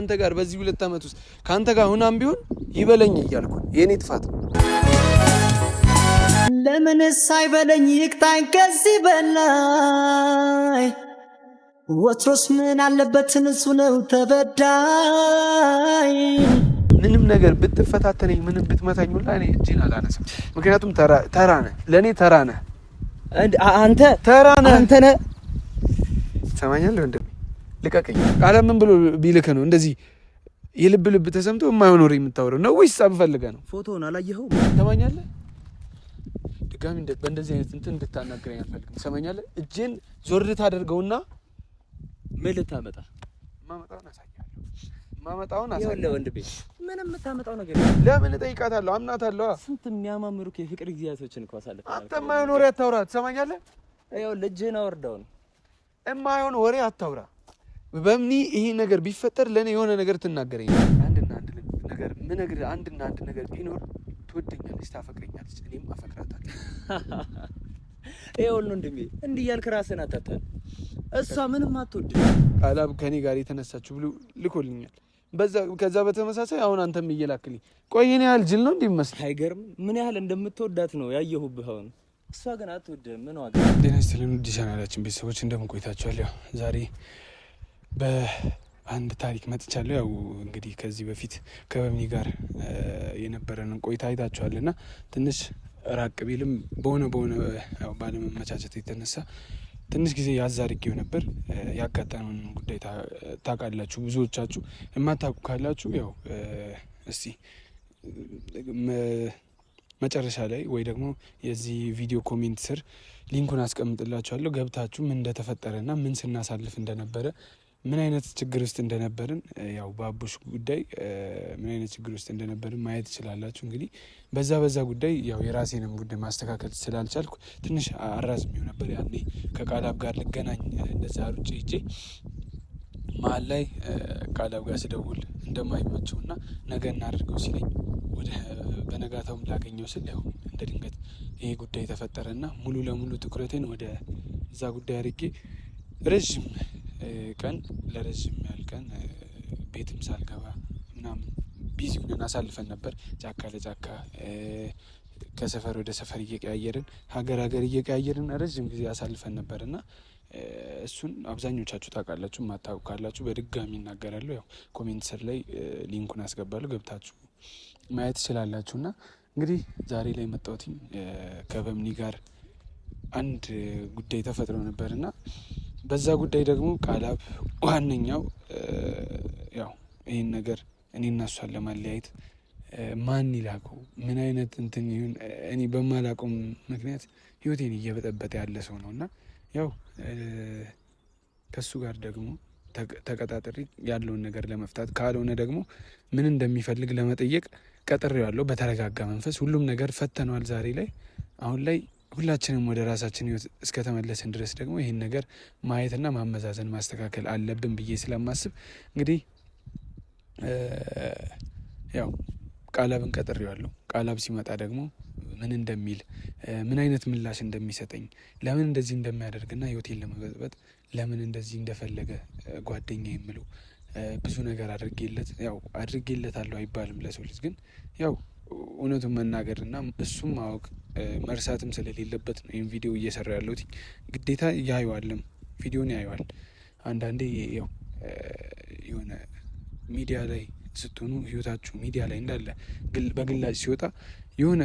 ከአንተ ጋር በዚህ ሁለት ዓመት ውስጥ ከአንተ ጋር ሁናም ቢሆን ይበለኝ እያልኩ የእኔ ጥፋት ነው። ለምንስ አይበለኝ ይቅጣኝ ከዚህ በላይ ወትሮስ ምን አለበት እሱ ነው ተበዳይ። ምንም ነገር ብትፈታተነኝ ምንም ብትመታኝ ሁላ እኔ እጅን አላነሳም። ምክንያቱም ተራ ነህ፣ ለእኔ ተራ ነህ። አንተ ተራ ነህ። አንተ ነህ። ትሰማኛለህ ወንድም ልቀቀኝ ቃለ ምን ብሎ ቢልክ ነው እንደዚህ የልብ ልብ ተሰምቶ የማይሆን ወሬ የምታወራው ነው ወይስ ጸብ ፈልገህ ነው? ፎቶውን አላየኸው? ተማኛለ ድጋሚ በእንደዚህ አይነት እንትን እንድታናግረኝ አልፈልግም። ትሰማኛለህ? እጄን ዞር ታደርገውና ምን ልታመጣ ማመጣውን አሳያለሁ። ማመጣውን አሳያለሁ። ወንድ ቤት ምንም የምታመጣው ነገር ለምን እጠይቃታለሁ? አምናታለሁ። ስንት የሚያማምሩ የፍቅር ጊዜያቶችን እኮ አሳልፈናል። አንተ የማይሆን ወሬ አታውራ። ትሰማኛለህ? ይኸውልህ እጅህን አወርደውን። የማይሆን ወሬ አታውራ በምኒ ይሄ ነገር ቢፈጠር ለእኔ የሆነ ነገር ትናገረኝ። አንድና አንድ ነገር ምነግርህ አንድና አንድ ነገር ቢኖር ትወደኛለች፣ ታፈቅረኛለች፣ እኔም አፈቅራታለሁ። ይሄ ሁሉ እንድሜ እንዲህ እያልክ ራስን አታታል። እሷ ምንም አትወድ ቃላብ ከኔ ጋር የተነሳችሁ ብሎ ልኮልኛል። በዛ ከዛ በተመሳሳይ አሁን አንተም እየላክልኝ ቆይ፣ ያህል ጅል ነው እንዲመስል አይገርም። ምን ያህል እንደምትወዳት ነው ያየሁብህ አሁን እሷ ግን አትወድህም። ምን ዋጋ ጤና ይስጥልን። ዲሻናላችን ቤተሰቦች እንደምን ቆይታችኋል? ዛሬ በአንድ ታሪክ መጥቻለሁ። ያው እንግዲህ ከዚህ በፊት ከበሚ ጋር የነበረንን ቆይታ አይታችኋል እና ትንሽ ራቅ ቢልም በሆነ በሆነ ባለመመቻቸት የተነሳ ትንሽ ጊዜ ያዛርጌው ነበር። ያጋጠነውን ጉዳይ ታውቃላችሁ ብዙዎቻችሁ። የማታውቁ ካላችሁ ያው እስቲ መጨረሻ ላይ ወይ ደግሞ የዚህ ቪዲዮ ኮሜንት ስር ሊንኩን አስቀምጥላችኋለሁ ገብታችሁ ምን እንደተፈጠረ እና ምን ስናሳልፍ እንደነበረ ምን አይነት ችግር ውስጥ እንደነበርን ያው በአቡሽ ጉዳይ ምን አይነት ችግር ውስጥ እንደነበርን ማየት ትችላላችሁ። እንግዲህ በዛ በዛ ጉዳይ ያው የራሴንም ጉዳይ ማስተካከል ስላልቻልኩ ትንሽ አራዝሜው ነበር። ያኔ ከቃላብ ጋር ልገናኝ እንደዛ ሩጭ ሄጄ መሀል ላይ ቃላብ ጋር ስደውል ና ነገ እናደርገው ሲለኝ ወደ በነጋታውም ላገኘው ስል ያው እንደ ድንገት ይሄ ጉዳይ ተፈጠረ ና ሙሉ ለሙሉ ትኩረቴን ወደ እዛ ጉዳይ አድርጌ ረዥም ቀን ለረዥም ያህል ቀን ቤትም ሳልገባ ምናምን ቢዚ ሆነን አሳልፈን ነበር። ጫካ ለጫካ ከሰፈር ወደ ሰፈር እየቀያየርን ሀገር ሀገር እየቀያየርን ረዥም ጊዜ አሳልፈን ነበር እና እሱን አብዛኞቻችሁ ታውቃላችሁ። ማታውቁ ካላችሁ በድጋሚ እናገራለሁ። ያው ኮሜንት ስር ላይ ሊንኩን አስገባለሁ ገብታችሁ ማየት ትችላላችሁ። እና እንግዲህ ዛሬ ላይ መጣሁትኝ ከበምኒ ጋር አንድ ጉዳይ ተፈጥሮ ነበር እና በዛ ጉዳይ ደግሞ ቃላብ ዋነኛው ያው ይህን ነገር እኔ እናሷን ለማለያየት ማን ይላከው ምን አይነት እንትን ይሁን እኔ በማላቀው ምክንያት ህይወቴን እየበጠበጠ ያለ ሰው ነው እና ያው ከሱ ጋር ደግሞ ተቀጣጥሪ ያለውን ነገር ለመፍታት ካልሆነ ደግሞ ምን እንደሚፈልግ ለመጠየቅ ያለው በተረጋጋ መንፈስ ሁሉም ነገር ፈተነዋል። ዛሬ ላይ አሁን ላይ ሁላችንም ወደ ራሳችን ህይወት እስከተመለስን ድረስ ደግሞ ይህን ነገር ማየትና ማመዛዘን ማስተካከል አለብን ብዬ ስለማስብ እንግዲህ ያው ቃላብን ቀጥሬዋለሁ። ቃላብ ሲመጣ ደግሞ ምን እንደሚል ምን አይነት ምላሽ እንደሚሰጠኝ ለምን እንደዚህ እንደሚያደርግና ህይወቴን ለመበጥበጥ ለምን እንደዚህ እንደፈለገ ጓደኛ የምለው ብዙ ነገር አድርጌለት ያው አለው አይባልም ለሰው ልጅ ግን ያው እውነቱን መናገር እና እሱም ማወቅ መርሳትም ስለሌለበት ነው ይህም ቪዲዮ እየሰራ ያለሁት። ግዴታ ያየዋልም ቪዲዮን ያየዋል። አንዳንዴ ያው የሆነ ሚዲያ ላይ ስትሆኑ ህይወታችሁ ሚዲያ ላይ እንዳለ በግላጭ ሲወጣ የሆነ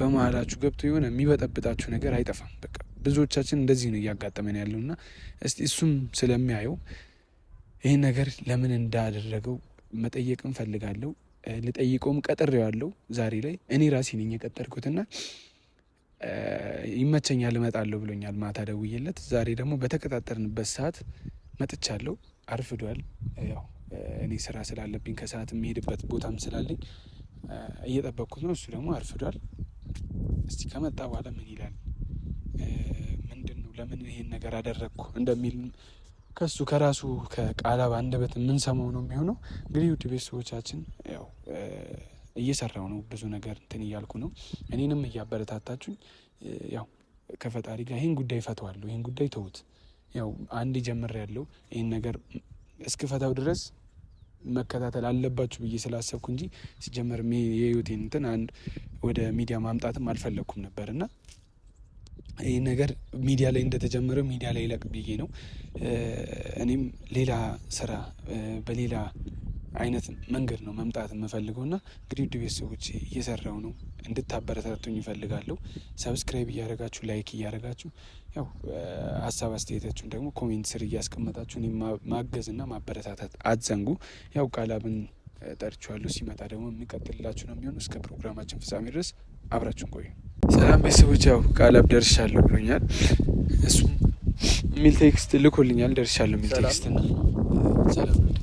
በመሀላችሁ ገብቶ የሆነ የሚበጠብጣችሁ ነገር አይጠፋም። በቃ ብዙዎቻችን እንደዚህ ነው እያጋጠመን ያለው እና እስቲ እሱም ስለሚያየው ይህን ነገር ለምን እንዳደረገው መጠየቅ እንፈልጋለሁ። ልጠይቀውም ቀጥሬዋለሁ። ዛሬ ላይ እኔ ራሴ ነኝ የቀጠርኩትና ይመቸኛል እመጣለሁ ብሎኛል። ማታ ደውዬለት ዛሬ ደግሞ በተቀጣጠርንበት ሰዓት መጥቻለሁ። አርፍዷል። ያው እኔ ስራ ስላለብኝ ከሰዓት የሚሄድበት ቦታም ስላለኝ እየጠበቅኩት ነው። እሱ ደግሞ አርፍዷል። እስቲ ከመጣ በኋላ ምን ይላል፣ ምንድን ነው ለምን ይሄን ነገር አደረግኩ እንደሚል ከሱ ከራሱ ከቃላብ አንደበት የምንሰማው ነው የሚሆነው። እንግዲህ ውድ ቤተሰቦቻችን ያው እየሰራው ነው ብዙ ነገር እንትን እያልኩ ነው። እኔንም እያበረታታችሁኝ ያው ከፈጣሪ ጋር ይህን ጉዳይ ፈተዋለሁ፣ ይህን ጉዳይ ተውት፣ ያው አንድ ጀምር ያለው ይህን ነገር እስክፈታው ድረስ መከታተል አለባችሁ ብዬ ስላሰብኩ እንጂ ሲጀመር የህይወቴን እንትን አንድ ወደ ሚዲያ ማምጣትም አልፈለግኩም ነበር እና ይህ ነገር ሚዲያ ላይ እንደተጀመረ ሚዲያ ላይ ይለቅ ብዬ ነው። እኔም ሌላ ስራ በሌላ አይነት መንገድ ነው መምጣት የምፈልገው እና እንግዲህ ውድ ቤተሰቦች እየሰራው ነው እንድታበረታቱኝ ይፈልጋለሁ። ሰብስክራይብ እያደረጋችሁ ላይክ እያደረጋችሁ ያው ሀሳብ አስተያየታችሁን ደግሞ ኮሜንት ስር እያስቀመጣችሁ ማገዝና ማበረታታት አትዘንጉ። ያው ቃላብን ጠርችኋለሁ። ሲመጣ ደግሞ የሚቀጥልላችሁ ነው የሚሆኑ። እስከ ፕሮግራማችን ፍጻሜ ድረስ አብራችሁን ቆዩ። ሰላም ቤተሰቦች፣ ያው ቃላብ ደርሻለሁ ብሎኛል። እሱም ሚል ቴክስት ልኮልኛል። ደርሻለሁ ሚል ቴክስት እና ሰላም ነው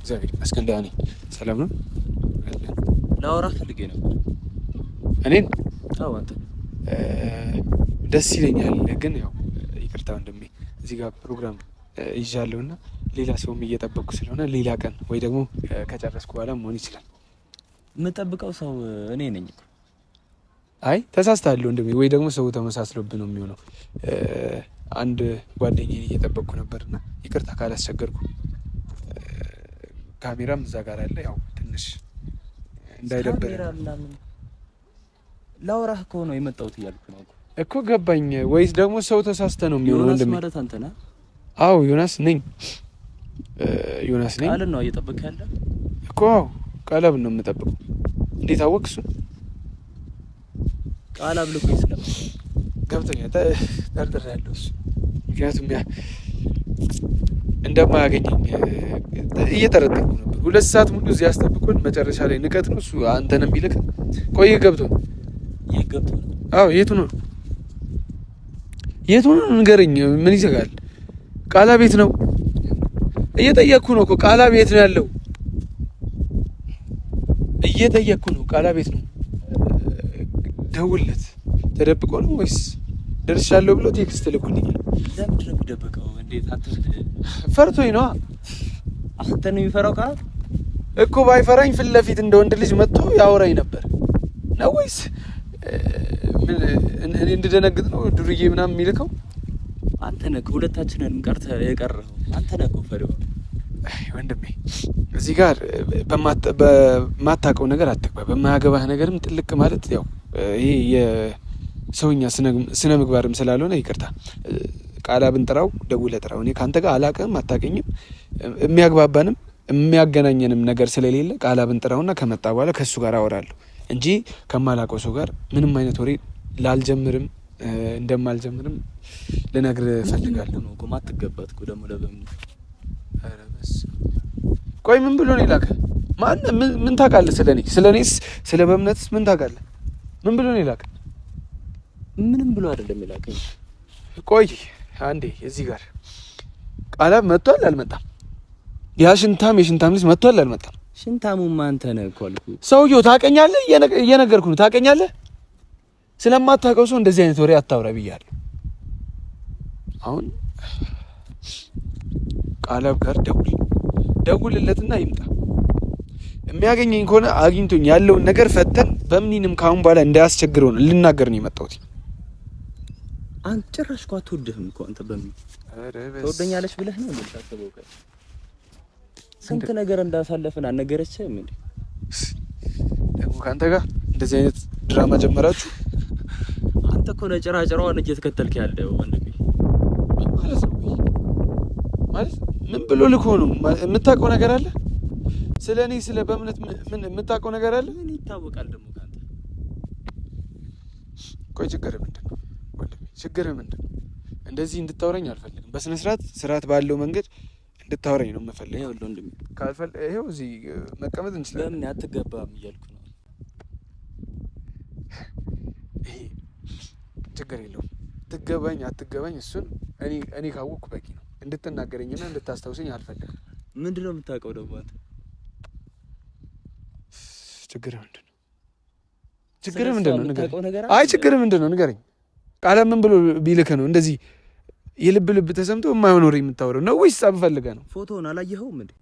እግዚአብሔር ይመስገን ደህና ነኝ። ሰላም ነው። ላወራህ ፈልጌ ነበር። እኔን? ደስ ይለኛል፣ ግን ያው ይቅርታ ወንድሜ፣ እዚህ ጋር ፕሮግራም ይዣለሁ እና ሌላ ሰውም እየጠበቅኩ ስለሆነ ሌላ ቀን ወይ ደግሞ ከጨረስኩ በኋላ መሆን ይችላል። የምጠብቀው ሰው እኔ ነኝ እኮ አይ ተሳስተሃል ወንድሜ፣ ወይ ደግሞ ሰው ተመሳስሎብህ ነው የሚሆነው። አንድ ጓደኛዬን እየጠበቅኩ ነበርና ይቅርታ ካላስቸገርኩ፣ ካሜራም እዛ ጋር አለ። ያው ትንሽ እንዳይደበር ላውራህ እኮ ነው የመጣሁት እያልኩ ነው እኮ ገባኝ። ወይስ ደግሞ ሰው ተሳስተ ነው የሚሆነው ወንድሜ? ማለት አንተ ነህ? አዎ ዮናስ ነኝ። ዮናስ ነኝ። ቃልን ነው እየጠበቅህ ያለ እኮ። ቀለብ ነው የምጠብቀው። እንዴት አወቅ እሱን ቃል አምልኮ ይስለም ገብቶኛል። ጠርጥር ያለው እሱ ምክንያቱም ያ እንደማያገኘኝ እየጠረጠርኩ ነበር። ሁለት ሰዓት ሙሉ እዚህ ያስጠብቆን መጨረሻ ላይ ንቀት ነው እሱ አንተንም ቢልክ ቆይ ገብቶ ገብቶ አዎ የቱ ነው የቱ ነው ንገረኝ። ምን ይዘጋል? ቃላ ቤት ነው እየጠየቅኩ ነው እኮ ቃላ ቤት ነው ያለው እየጠየቅኩ ነው ቃላ ቤት ነው ደውለት ተደብቆ ነው ወይስ ደርሻለሁ ብሎ ቴክስት ልኩልኛል። ለምንድን ነው የሚደብቀው? እንዴት አንተ ፈርቶኝ ነዋ። አንተ ነው የሚፈራው? ቃላት እኮ ባይፈራኝ ፊት ለፊት እንደ ወንድ ልጅ መጥቶ ያወራኝ ነበር። ነው ወይስ እኔ እንድደነግጥ ነው ዱርዬ ምናምን የሚልከው? አንተ ነህ ሁለታችንንም ቀርተህ የቀረኸው አንተ ነህ እኮ ፈሪው ወንድሜ። እዚህ ጋር በማታውቀው ነገር አትግባ። በማያገባህ ነገርም ጥልቅ ማለት ያው ይሄ የሰውኛ ስነ ምግባርም ስላልሆነ ይቅርታ ቃላ ብንጥራው ደውለ ጥራው። እኔ ከአንተ ጋር አላቅም አታቀኝም። የሚያግባባንም የሚያገናኘንም ነገር ስለሌለ ቃላ ብንጥራውና ከመጣ በኋላ ከእሱ ጋር አወራለሁ እንጂ ከማላውቀው ሰው ጋር ምንም አይነት ወሬ ላልጀምርም እንደማልጀምርም ልነግር ፈልጋለሁ። ማትገባት ደግሞ ቆይ ምን ብሎ ነው የላከ? ማን ምን ታውቃለህ? ስለ እኔ ስለ እኔስ ስለ በእምነትስ ምን ታውቃለህ? ምን ብሎ ነው የላከኝ? ምንም ብሎ አይደለም የላከኝ። ቆይ አንዴ እዚህ ጋር ቃላብ መጥቷል አልመጣም? ያ ሽንታም የሽንታም ልጅ መጥቷል አልመጣም? ሽንታሙማ አንተ ነህ እኮ አልኩህ። ሰውዬው ታውቀኛለህ፣ እየነገርኩህ ነው። ታውቀኛለህ። ስለማታውቀው ሰው እንደዚህ አይነት ወሬ አታውራ ብያለሁ። አሁን ቃላብ ጋር ደውል፣ ደውልለትና ይምጣ የሚያገኘኝ ከሆነ አግኝቶኝ ያለውን ነገር ፈተን በምኒንም ካሁን በኋላ እንዳያስቸግረው ነው ልናገር ነው የመጣሁት። አንተ ጭራሽ እኮ አትወድህም እኮ አንተ በምን ትወደኛለች ብለህ ነው እንደታሰበው ከ ስንት ነገር እንዳሳለፍን አልነገረችህም እንዴ? ደግሞ ከአንተ ጋር እንደዚህ አይነት ድራማ ጀመራችሁ። አንተ እኮ ነው ጭራጭራዋን እየተከተልክ ያለው ወንድሜ። ማለት ነው ማለት ምን ብሎ ልኮ ነው የምታውቀው ነገር አለ ስለ እኔ ስለ በእምነት ምን የምታውቀው ነገር አለ? ምን ይታወቃል ደግሞ ከአንተ። ቆይ ችግር ምንድን ነው ወንድሜ? ችግርህ ምንድን ነው? እንደዚህ እንድታወራኝ አልፈልግም። በስነ ስርዓት ስርዓት ባለው መንገድ እንድታወራኝ ነው የምፈልግ። ወንድሜ ካልፈል ይኸው እዚህ መቀመጥ እንችላለን። ለምን አትገባም እያልኩ ነው። ይሄ ችግር የለውም። ትገባኝ አትገባኝ፣ እሱን እኔ እኔ ካወቅኩ በቂ ነው። እንድትናገረኝና እንድታስታውሰኝ አልፈልግም። ምንድን ነው የምታውቀው ደግሞ አንተ ችግር ምንድን ነው? ችግር ምንድን ነው ንገረኝ። አይ ችግር ምንድን ነው ንገረኝ። ቃለ ምን ብሎ ቢልክ ነው እንደዚህ የልብ ልብ ተሰምቶ የማይሆን ወሬ የምታወራው ነው ወይስ ጸብ ፈልገህ ነው? ፎቶውን አላየኸውም እንዴ?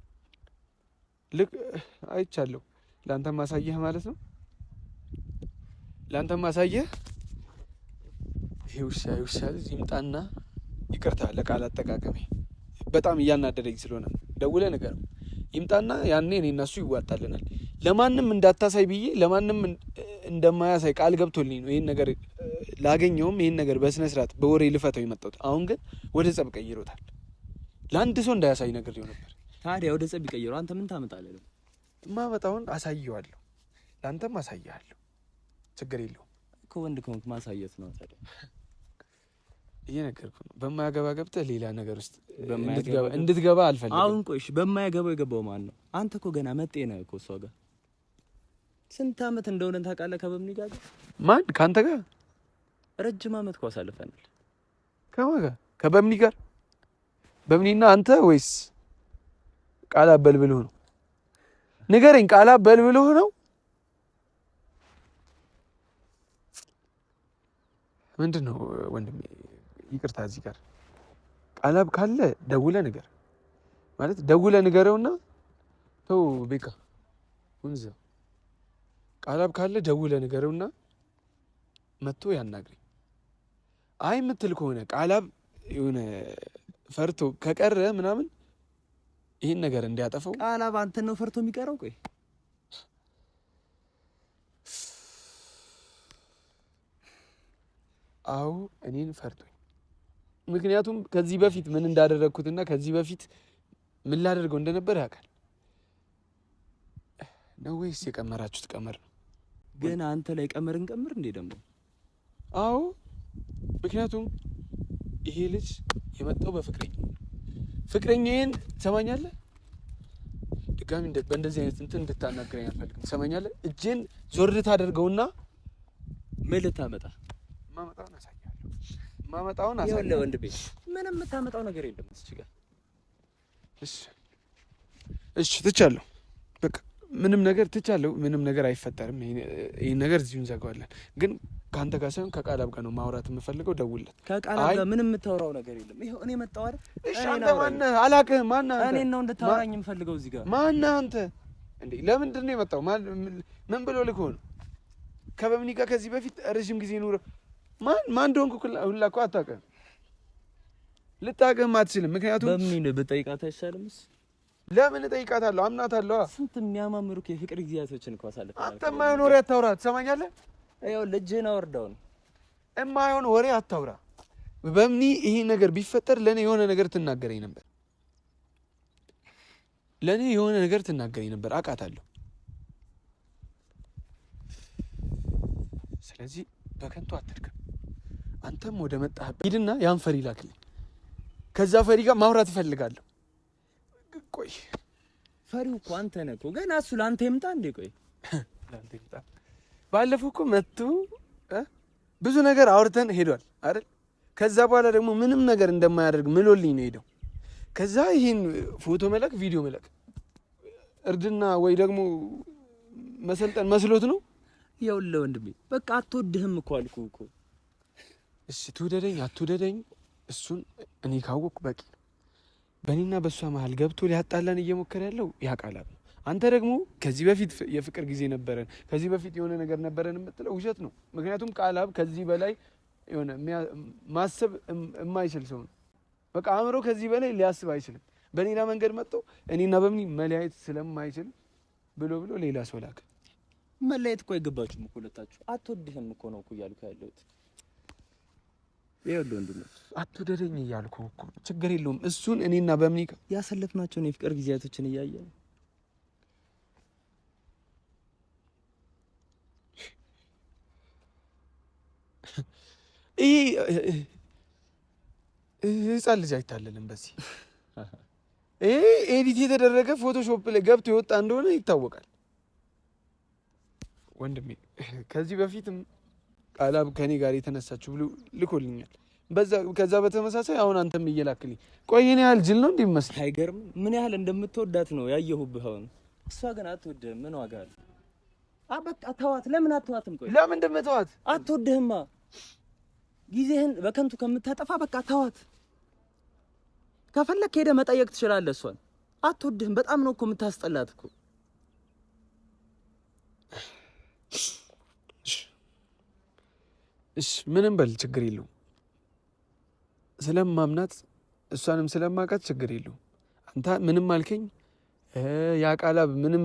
ልክ አይቻለሁ። ለአንተ ማሳየህ ማለት ነው። ለአንተ ማሳየህ ይሄ ውሻ ውሻ ይምጣና ይቅርታ ለቃል አጠቃቀሜ በጣም እያናደደኝ ስለሆነ ደውለህ ንገረው ይምጣና ያኔ እኔ እነሱ ይዋጣልናል። ለማንም እንዳታሳይ ብዬ ለማንም እንደማያሳይ ቃል ገብቶልኝ ነው ይህን ነገር ላገኘውም ይህን ነገር በስነ ስርዓት በወሬ ልፈተው የመጣሁት። አሁን ግን ወደ ጸብ ቀይሮታል። ለአንድ ሰው እንዳያሳይ ነገር ይሆን ነበር። ታዲያ ወደ ጸብ ይቀይረው። አንተ ምን ታመጣለህ? ማመጣውን አሳየዋለሁ። ለአንተም አሳያለሁ። ችግር የለውም። ወንድ ከሆንክ ማሳየት ነው ታዲያ እየነገርኩ ነው። በማያገባ ገብተህ ሌላ ነገር ውስጥ እንድትገባ አልፈልግም። አሁን ቆይሽ፣ በማያገባው የገባው ማን ነው? አንተ እኮ ገና መጤ ነህ እኮ እሷ ጋር ስንት አመት እንደሆነ ታውቃለህ? ከበምኒ ጋር ማን ከአንተ ጋር ረጅም አመት እኮ አሳልፈናል። ከማን ጋር? ከበምኒ ጋር በምኒና አንተ ወይስ ቃላ በልብልህ ነው? ንገረኝ። ቃላ በልብልህ ነው ምንድን ነው ወንድሜ? ይቅርታ፣ እዚህ ጋር ቀለብ ካለ ደውለ ንገር ማለት ደውለ ንገረውና ተው ቤካ ሁንዘ ቀለብ ካለ ደውለ ንገረውና መጥቶ ያናግረኝ። አይ የምትል ከሆነ ቃላብ የሆነ ፈርቶ ከቀረ ምናምን ይህን ነገር እንዲያጠፈው ቃላብ አንተ ነው ፈርቶ የሚቀረው። ቆይ አዎ እኔን ፈርቶኝ ምክንያቱም ከዚህ በፊት ምን እንዳደረግኩትና ከዚህ በፊት ምን ላደርገው እንደነበር ያውቃል ነው ወይስ የቀመራችሁት ቀመር ነው? ገና አንተ ላይ ቀመርን ቀምር እንዴ ደግሞ? አዎ፣ ምክንያቱም ይሄ ልጅ የመጣው በፍቅረኛ ፍቅረኛዬን ትሰማኛለህ? ድጋሚ በእንደዚህ አይነት እንትን እንድታናግረኝ አልፈልግም። ትሰማኛለህ? እጄን ዞር ታደርገውና ምን ልታመጣ ማመጣውን አሳየው። ቤት ምንም የምታመጣው ነገር የለም። እዚህ ጋር እሺ፣ እሺ፣ ትቻለሁ። በቃ ምንም ነገር ትቻለሁ። ምንም ነገር አይፈጠርም። ይሄን ነገር እዚሁ እንዘጋዋለን። ግን ከአንተ ጋር ሳይሆን ከቃላብ ጋር ነው ማውራት የምፈልገው። ደውልለት። ከቃላብ ጋር ምንም የምታወራው ነገር የለም። ይሄው እኔ መጣሁ አይደል? እሺ፣ አንተ ማነህ? አላውቅህም። ማነህ አንተ? እኔን ነው እንድታወራኝ የምፈልገው እዚህ ጋር። ማነህ አንተ? እንዴ ለምንድን ነው የመጣው? ምን ብሎ ልኮ ነው? ከበምኒ ጋር ከዚህ በፊት ረዥም ጊዜ ኑሮ ማን ማን እንደሆንኩ ሁላ እኮ አታውቅም፣ ልታውቅም አትችልም። ምክንያቱም በምን ብጠይቃት አይሻልምስ? ለምን እጠይቃታለሁ? አምናታለሁ። ስንት የሚያማምሩ የፍቅር ጊዜያቶችን እኮ አሳልፈናል። አንተ የማይሆን ወሬ አታውራ፣ ትሰማኛለህ? ይኸውልህ ልጅህን አወርደውን። የማይሆን ወሬ አታውራ። በምኒ ይሄ ነገር ቢፈጠር ለእኔ የሆነ ነገር ትናገረኝ ነበር፣ ለእኔ የሆነ ነገር ትናገረኝ ነበር። አውቃታለሁ። ስለዚህ በከንቱ አትድከም። አንተም ወደ መጣህበት ሂድና ያን ፈሪ ላክልኝ። ከዛ ፈሪ ጋር ማውራት እፈልጋለሁ። ቆይ ፈሪው እኮ አንተ ነህ እኮ ገና እሱ ለአንተ ይምጣ እንዴ? ቆይ ባለፈው እኮ መጥቶ ብዙ ነገር አውርተን ሄዷል አይደል? ከዛ በኋላ ደግሞ ምንም ነገር እንደማያደርግ ምሎልኝ ነው ሄደው። ከዛ ይህን ፎቶ መላክ ቪዲዮ መላክ እርድና ወይ ደግሞ መሰልጠን መስሎት ነው። ይኸውልህ ወንድሜ በቃ አትወድህም እኮ አልኩህ እኮ እሺ ትውደደኝ አትውደደኝ፣ እሱን እኔ ካወቅኩ በቂ ነው። በእኔና በእሷ መሀል ገብቶ ሊያጣላን እየሞከረ ያለው ያቃላል። አንተ ደግሞ ከዚህ በፊት የፍቅር ጊዜ ነበረን፣ ከዚህ በፊት የሆነ ነገር ነበረን የምትለው ውሸት ነው። ምክንያቱም ቃላብ ከዚህ በላይ የሆነ ማሰብ የማይችል ሰው ነው። በቃ አእምሮ ከዚህ በላይ ሊያስብ አይችልም። በሌላ መንገድ መጥቶ እኔና በምኒ መለያየት ስለማይችል ብሎ ብሎ ሌላ ሰው ላከ። መለያየት እኮ አይገባችሁም እኮ ሁለታችሁ። አትወድህም እኮ ነው እኮ እያልኩ ያለሁት ይኸውልህ ወንድም አትውደደኝ እያልኩ እኮ ችግር የለውም። እሱን እኔና በምኒካ ያሰለፍናቸውን የፍቅር ጊዜያቶችን እያየን ይህ ህፃን ልጅ አይታለልም። በዚህ ይህ ኤዲት የተደረገ ፎቶሾፕ ላይ ገብቶ የወጣ እንደሆነ ይታወቃል ወንድሜ ከዚህ በፊትም ቃላብ ከኔ ጋር የተነሳችሁ ብሎ ልኮልኛል። ከዛ በተመሳሳይ አሁን አንተም እየላክልኝ ቆይ፣ እኔ ያህል ጅል ነው እንዴ መስል አይገርም። ምን ያህል እንደምትወዳት ነው ያየሁብህ። አሁን እሷ ግን አትወድህም። ምን ዋጋ አለ? አበቃ ተዋት። ለምን አትዋትም? ቆይ ለምን እንደምትዋት አትወድህማ። ጊዜህን በከንቱ ከምታጠፋ በቃ ተዋት። ከፈለክ ሄደህ መጠየቅ ትችላለህ። እሷን አትወድህም። በጣም ነው እኮ የምታስጠላት እኮ እሺ ምንም በል ችግር የለውም። ስለማምናት እሷንም ስለማውቃት ችግር የለውም። አንተ ምንም አልከኝ ያቃላብ ምንም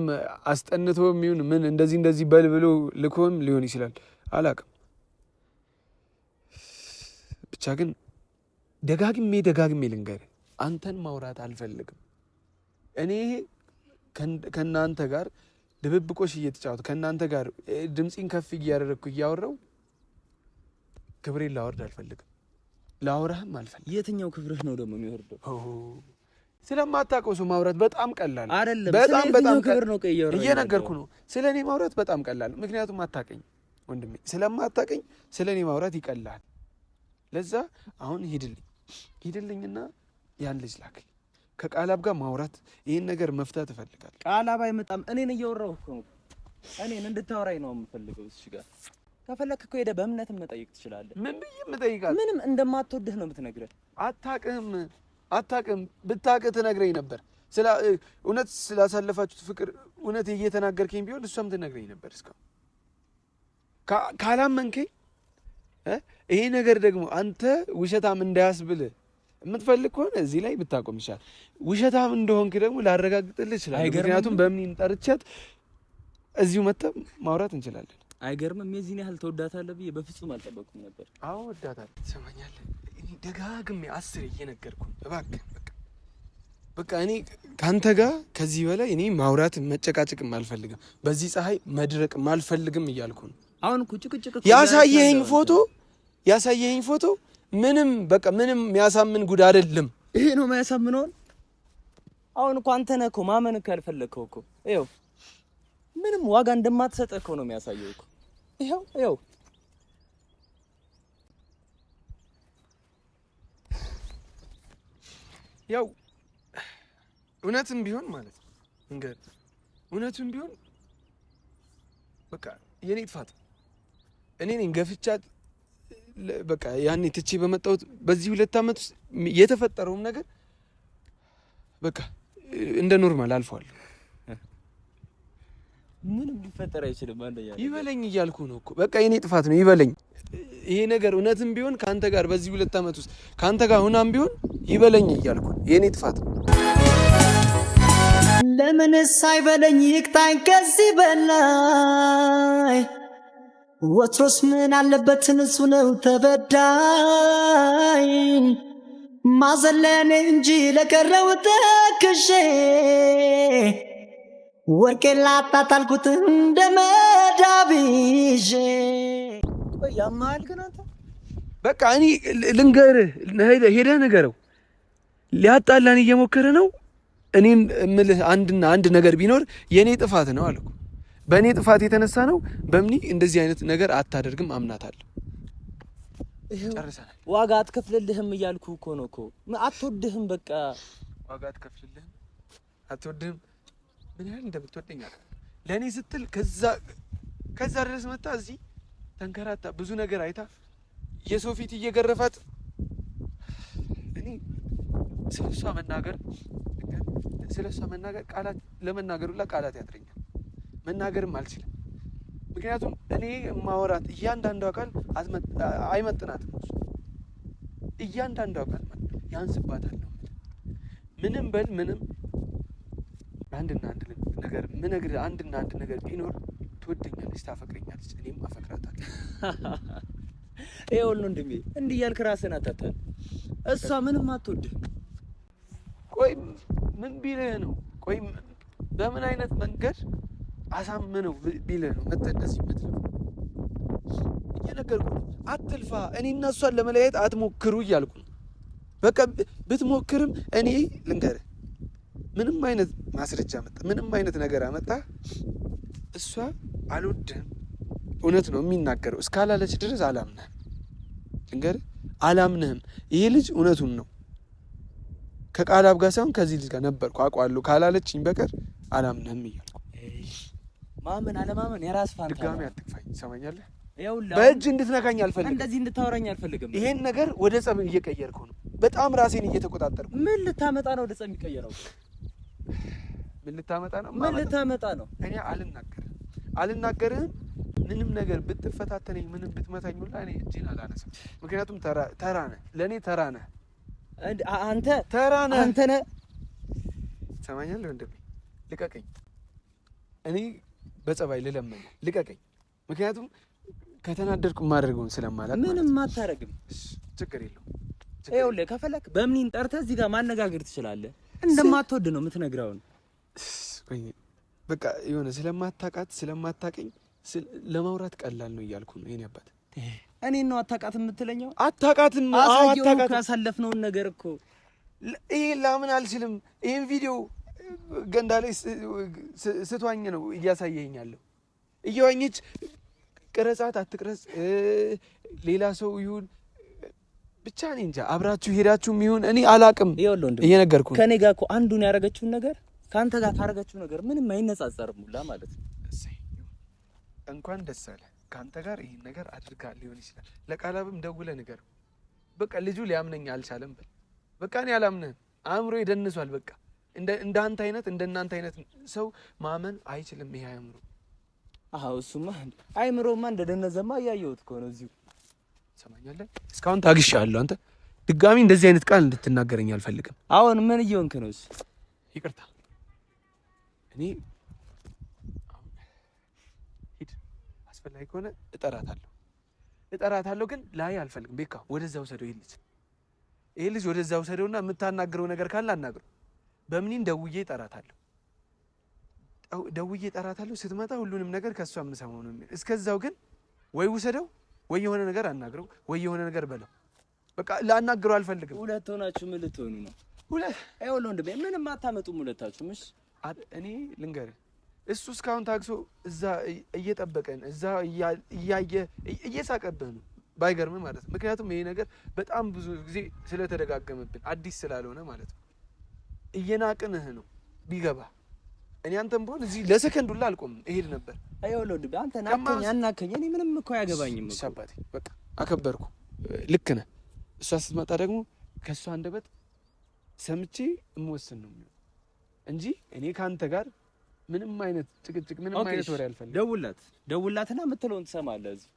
አስጠንቶ የሚሆን ምን እንደዚህ እንደዚህ በል ብሎ ልኮም ሊሆን ይችላል። አላቅም። ብቻ ግን ደጋግሜ ደጋግሜ ልንገር፣ አንተን ማውራት አልፈልግም። እኔ ከእናንተ ጋር ድብብቆሽ እየተጫወት ከእናንተ ጋር ድምፂን ከፍ እያደረግኩ እያወራው ክብሬን ላወርድ አልፈልግም። ላወራህም አልፈልግም። የትኛው ክብርህ ነው ደግሞ የሚወርደው? ስለማታውቀው ሰው ማውራት በጣም ቀላል አይደለም። በጣም በጣም ክብር ነው። ቀየረው። እየነገርኩ ነው። ስለኔ ማውራት በጣም ቀላል፣ ምክንያቱም አታውቀኝ ወንድሜ። ስለማታውቀኝ ስለኔ ማውራት ይቀላል። ለዛ አሁን ሂድልኝ፣ ሂድልኝና ያን ልጅ ላክ። ከቃላብ ጋር ማውራት ይህን ነገር መፍታት እፈልጋለሁ። ቃላብ አይመጣም። እኔን እየወራሁ እኮ ነው። እኔን እንድታወራኝ ነው የምፈልገው እሺ ጋር ከፈለክ እኮ ሄደህ በእምነትም መጠየቅ ትችላለህ። ምን ብዬ የምጠይቃት? ምንም እንደማትወድህ ነው የምትነግረህ። አታውቅም፣ አታውቅም። ብታውቅህ ትነግረኝ ነበር። እውነት ስላሳለፋችሁት ፍቅር እውነት እየተናገርከኝ ቢሆን እሷም ትነግረኝ ነበር። እስካሁን ካላመንከኝ ይሄ ነገር ደግሞ አንተ ውሸታም እንዳያስብልህ የምትፈልግ ከሆነ እዚህ ላይ ብታቆም ይሻል። ውሸታም እንደሆንክ ደግሞ ላረጋግጥልህ እችላለሁ። ምክንያቱም በእምኔም ጠርቻት እዚሁ መጥተህ ማውራት እንችላለን። አይገርምም? የዚህን ያህል ተወዳታለህ ብዬ በፍጹም አልጠበቅኩም ነበር። አዎ ወዳታለሁ። ትሰማኛለህ? ደጋግሜ አስር እየነገርኩ እባክህ በቃ እኔ ከአንተ ጋር ከዚህ በላይ እኔ ማውራት መጨቃጨቅም አልፈልግም፣ በዚህ ፀሐይ መድረቅም አልፈልግም እያልኩ ነው። አሁን ጭቅጭቅ ያሳየኸኝ ፎቶ ያሳየኸኝ ፎቶ ምንም በቃ ምንም የሚያሳምን ጉድ አይደለም። ይሄ ነው የሚያሳምነውን። አሁን እኮ አንተ ነህ እኮ ማመን እኮ ያልፈለግከው እኮ ይኸው ምንም ዋጋ እንደማትሰጠ እኮ ነው የሚያሳየው እኮ ይኸው ይኸው ያው እውነትም ቢሆን ማለት እንግዲህ እውነትም ቢሆን በቃ የኔ ጥፋት እኔ ነኝ ገፍቻት። በቃ ያኔ ትቼ በመጣሁት በዚህ ሁለት ዓመት ውስጥ የተፈጠረውም ነገር በቃ እንደ ኖርማል አልፏል። ምንም ሊፈጠር አይችልም። አንደኛ ይበለኝ እያልኩ ነው እኮ በቃ የኔ ጥፋት ነው ይበለኝ። ይሄ ነገር እውነትም ቢሆን ከአንተ ጋር በዚህ ሁለት ዓመት ውስጥ ከአንተ ጋር ሁናም ቢሆን ይበለኝ እያልኩ የኔ ጥፋት ነው። ለምን አይበለኝ ይቅጣኝ ከዚህ በላይ ወትሮስ ምን አለበትን እሱ ነው ተበዳይ ማዘለኔ እንጂ ለቀረው ተክሼ ወርቄ ላጣጣልኩት እንደ መዳብዤ ያማል ግን አንተ በቃ እኔ ልንገርህ፣ ሄደህ ንገረው። ሊያጣላን እየሞከረ ነው። እኔም እምልህ አንድና አንድ ነገር ቢኖር የእኔ ጥፋት ነው አልኩ። በእኔ ጥፋት የተነሳ ነው። በምኒ እንደዚህ አይነት ነገር አታደርግም፣ አምናታለሁ። ጨርሰናል። ዋጋ አትከፍልልህም እያልኩ እኮ ነው እኮ። አትወድህም፣ በቃ ዋጋ አትከፍልልህም፣ አትወድህም ምን ያህል እንደምትወደኝ ለእኔ ስትል ከዛ ድረስ መታ እዚህ ተንከራታ ብዙ ነገር አይታ የሰው ፊት እየገረፋት እኔ ስለሷ መናገር ስለሷ መናገር ቃላት ለመናገር ሁላ ቃላት ያጥረኛል። መናገርም አልችልም። ምክንያቱም እኔ ማወራት እያንዳንዱ አካል አይመጥናትም። እያንዳንዱ አካል ያንስባታል ነው ምንም በል ምንም አንድና አንድ ነገር ምነግር አንድና አንድ ነገር ቢኖር ትወደኛለች፣ ታፈቅረኛለች፣ እኔም አፈቅራታለሁ። ይሄ ሁሉ እንድሜ እንዲህ እያልክ ራስህን አታታል። እሷ ምንም አትወድህ። ቆይ ምን ቢልህ ነው? ቆይ በምን አይነት መንገድ አሳምነው ቢልህ ነው? መተህ እንደዚህ ምትለው እየነገርኩህ ነው። አትልፋ። እኔ እና እሷን ለመለያየት አትሞክሩ እያልኩ ነው። በቃ ብትሞክርም እኔ ልንገርህ ምንም አይነት ማስረጃ መጣ፣ ምንም አይነት ነገር አመጣ፣ እሷ አልወድህም እውነት ነው የሚናገረው እስካላለች ድረስ አላምንህም። እንግዲህ አላምንህም። ይሄ ልጅ እውነቱን ነው ከቃላብ ጋር ሳይሆን ከዚህ ልጅ ጋር ነበርኩ አውቀዋለሁ ካላለችኝ በቀር አላምንህም እያልኩ ማመን አለማመን የራስ ፋንታ። ድጋሚ አትግፋኝ፣ ትሰማኛለህ? በእጅ እንድትነካኝ አልፈልግም። እንደዚህ እንድታወራኝ አልፈልግም። ይሄን ነገር ወደ ጸብ እየቀየርኩ ነው። በጣም ራሴን እየተቆጣጠርኩ። ምን ልታመጣ ነው ወደ ጸብ የሚቀየረው? ምን ልታመጣ ነው? ምን ልታመጣ ነው? እኔ አልናገርም አልናገርህም። ምንም ነገር ብትፈታተነኝ፣ ምንም ብትመታኝ ሁላ እኔ እጄን አላነሳም። ምክንያቱም ተራ ነህ፣ ለእኔ ተራ ነህ። አንተ ተራ ነህ፣ አንተ ነህ። ትሰማኛለህ? ወንድሜ ልቀቀኝ። እኔ በጸባይ ልለመን፣ ልቀቀኝ። ምክንያቱም ከተናደድኩ የማደርገውን ስለማላት ምንም አታደርግም። ችግር የለውም። ይኸውልህ ከፈለክ በምኒን ጠርተህ እዚህ ጋር ማነጋገር ትችላለህ። እንደማትወድ ነው የምትነግረውን በቃ የሆነ ስለማታቃት ስለማታቀኝ ለማውራት ቀላል ነው እያልኩ ነው። ይሄን ያባት እኔ ነው አታቃት የምትለኛው? አታውቃትም። አታውቃት ያሳለፍነውን ነገር እኮ ይሄ ለምን አልችልም። ይህን ቪዲዮ ገንዳ ላይ ስትዋኝ ነው እያሳየኛለሁ። እየዋኘች ቅረጻት፣ አትቅረጽ፣ ሌላ ሰው ይሁን ብቻ እኔ እንጃ። አብራችሁ ሄዳችሁ ይሁን እኔ አላቅም። እየነገርኩ ከኔ ጋር እኮ አንዱን ያደረገችውን ነገር ከአንተ ጋር ካደረገችው ነገር ምንም አይነጻጸርም ሁላ ማለት ነው። እንኳን ደስ አለ። ከአንተ ጋር ይህን ነገር አድርጋ ሊሆን ይችላል። ለቃላብም ደውለ ንገረው። በቃ ልጁ ሊያምነኝ አልቻለም። በል በቃ እኔ አላምንህም። አእምሮ ደንሷል። በቃ እንደ አንተ አይነት እንደ እናንተ አይነት ሰው ማመን አይችልም ይሄ አእምሮ። አዎ እሱማ አእምሮማ እንደደነዘማ እያየሁት ከሆነ እዚሁ ትሰማኛለህ። እስካሁን ታግሻለሁ። አንተ ድጋሚ እንደዚህ አይነት ቃል እንድትናገረኝ አልፈልግም። አሁን ምን እየሆንክ ነው? ይቅርታ እኔ ሂድ፣ አስፈላጊ ከሆነ እጠራታለሁ እጠራታለሁ፣ ግን ላይ አልፈልግም። ቤካ ወደዛ ውሰደው፣ ይሄ ልጅ ይሄ ልጅ ወደዛ ውሰደውና የምታናግረው ነገር ካለ አናግረው። በምኒን ደውዬ እጠራታለሁ ደውዬ እጠራታለሁ። ስትመጣ ሁሉንም ነገር ከእሷ የምሰማው ነው። እስከዛው ግን ወይ ውሰደው፣ ወይ የሆነ ነገር አናግረው፣ ወይ የሆነ ነገር በለው። በቃ ላናግረው አልፈልግም። ሁለት ሆናችሁ ምን ልትሆኑ ነው? ሁለት ምንም አታመጡም ሁለታችሁ ምሽ እኔ ልንገር እሱ እስካሁን ታግሶ እዛ እየጠበቀን እዛ እያየ እየሳቀብህ ነው ባይገርም ማለት ነው። ምክንያቱም ይሄ ነገር በጣም ብዙ ጊዜ ስለተደጋገመብን አዲስ ስላልሆነ ማለት ነው። እየናቅንህ ነው ቢገባ እኔ አንተም ብሆን እዚህ ለሰከንድ ሁላ አልቆም እሄድ ነበር። አይወለው ልብ አንተ ናከኝ አናከኝ እኔ ምንም እኮ አያገባኝም እኮ በቃ አከበርኩ፣ ልክ ነህ። እሷ ስትመጣ ደግሞ ከእሷ አንደበት ሰምቼ እምወስን ነው የሚሆን እንጂ እኔ ከአንተ ጋር ምንም አይነት ጭቅጭቅ፣ ምንም አይነት ወሬ አልፈልግም። ደውላት ደውላትና የምትለውን ትሰማለህ እዚህ